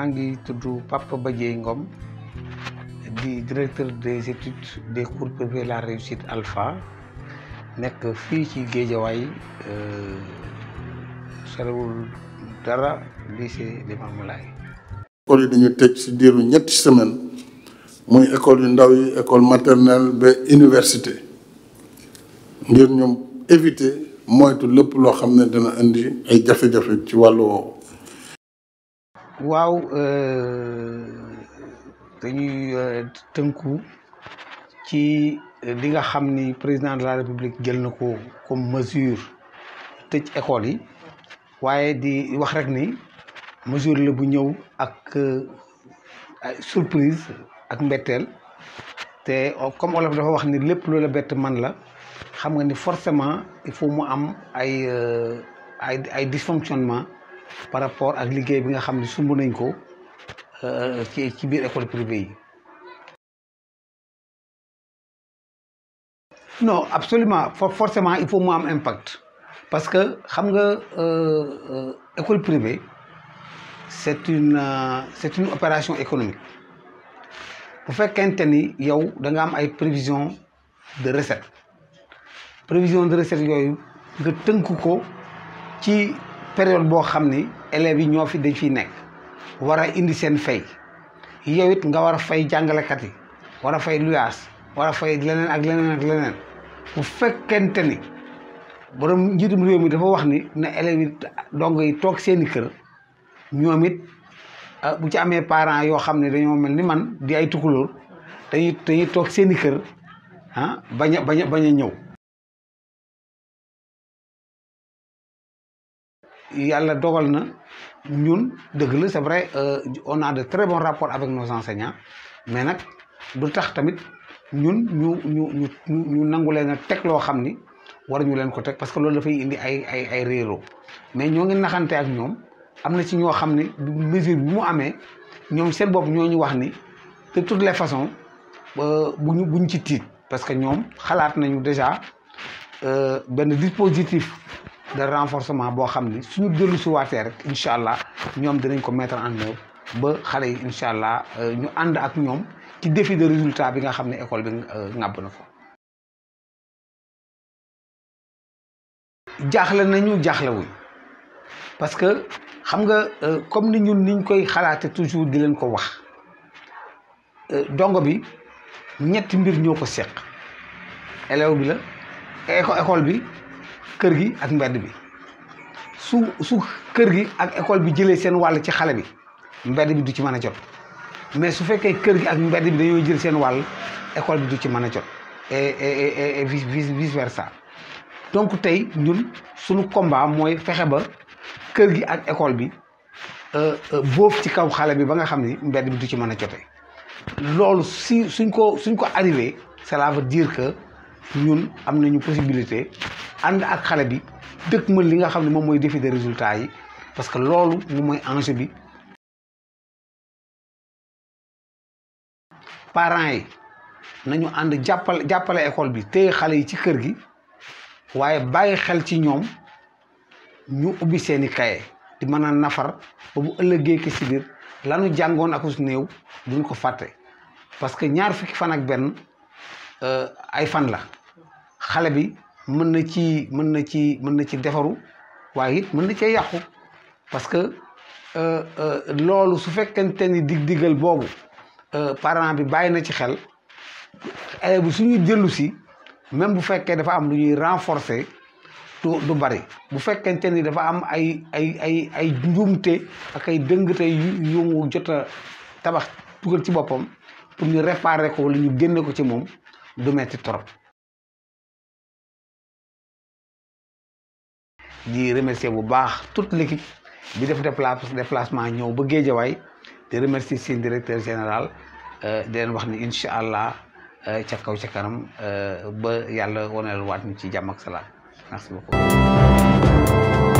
maa ngi tudd Papa Badié Ngom di directeur des études des cours privés la réussite alpha nekk fii ci Géejawaay euh, sorewul dara lycée Limamou Laye école yi dañu tëj si diiru ñetti semaine muy école yu ndaw yi école maternelle ba université ngir ñoom éviter moytu lépp loo xam ne dana indi ay jafe-jafe ci wàllu woowu waaw euh, dañuy euh, tënku ci li nga xam ni président de la république jël na ko comme mesure tëj école yi waaye di wax rek ni mesure la bu ñëw ak euh, surprise ak mbetteel te oh, comme olof dafa wax ni lépp loola bett man la xam nga ni forcément il faut mu am ay ay ay dysfonctionnement par rapport ak liggéey bi nga xam ne sumb nañ ko euh, ci ci biir école privée yi. non absolument forcément il faut mu am impact parce que xam nga euh, euh, école privée c'est une c'est une opération économique bu fekkente ni yow da nga am ay prévision de recette prévision de recette yooyu nga tënk ko ci. période boo xam ni élèves yi ñoo fi dañ fiy nekk war a indi seen fay yow it nga war a fay jàngalekat yi war a fay luyaas war a fay leneen ak leneen ak leneen bu ni borom njiitum réew mi dafa wax ni na élèves yi dong yi toog seeni kër ñoom it ah, bu ci amee parent yoo xam ne dañoo mel ni man di ay tukulóor dañuy dañuy toog seeni kër ah bañ bañ bañ a ñëw yàlla dogal na ñun dëgg la c'est vrai euh, on a de très bons rapports avec nos enseignants mais nag du tax tamit ñun ñu ñu ñu ñu nangu leen a teg loo xam ni war ñu leen ko teg parce que loolu dafay indi ay ay ay réeroo mais ñoo ngi naxante ak ñoom am na ci ñoo xam ni mesure bi mu amee ñoom seen boobu ñoo ñu wax ni de toutes les façons euh, bu ñu buñ ci tiit parce que ñoom xalaat nañu déjà euh, benn dispositif de renforcement boo xam ni suñu dellu si waatee rek incha allah ñoom dinañ ko mettre en ba xale yi incha allah euh, ñu ànd ak ñoom ci défi de résultat bi nga xam ne école bi euh, ŋàbb na ko. jaaxle nañu jaaxlewuñ parce que xam nga euh, comme ni ñun niñ koy xalaate toujours di leen ko wax dongo bi ñetti mbir ñoo ko seq élève bi la école bi. kër gi ak mbedd bi su su kër gi ak école bi jëlee seen wàll ci xale bi mbedd bi du ci mën a jot mais su fekkee kër gi ak mbedd bi dañoo jël seen wàll école bi du ci mën a jot et et et vice versa donc tey ñun suñu combat mooy fexe ba kër gi ak école bi euh, euh, boof ci kaw xale bi ba nga xam ni mbedd bi du ci mën a jotee loolu si suñ ko suñ ko arrivé cela veut dire que ñun am nañu possibilité ànd ak xale bi dëkk mën li nga xam ne moom mooy défi de résultat yi parce que loolu moom mooy enjeu bi parents yi nañu ànd jàppale jàppale école bi téye xale yi ci kër gi waaye bàyyi xel ci ñoom ñu ubbi seeni kaye di mën a nafar ba bu ëllëgee ki si biir lanu jàngoon ak su néew duñ ko fàtte parce que ñaar fukki fan ak benn euh, ay fan la xale bi mën na ci mën na ci mën na ci defaru waaye it mën na cee yàqu parce que euh, euh, loolu su fekkente ni dig-digal boobu euh, parent bi bàyyi na ci xel élève bi suñuy dellu si même bu fekkee dafa am lu ñuy renforcer du bari bu fekkente ni dafa am ay ay ay ay njuumte ak ay dëngte yu jot tabax dugal ci boppam pour ñu réparer ko wala ñu génne ko ci moom du metti trop di remercier bu baax tout l' équipe bi def déplacement ñëw ba Géejawaay di remercier seen directeur général euh, di leen wax ni incha allah euh, ca kaw ca kanam euh, ba yàlla waneel waat ñu ci jàmm ak salaam merci beaucoup.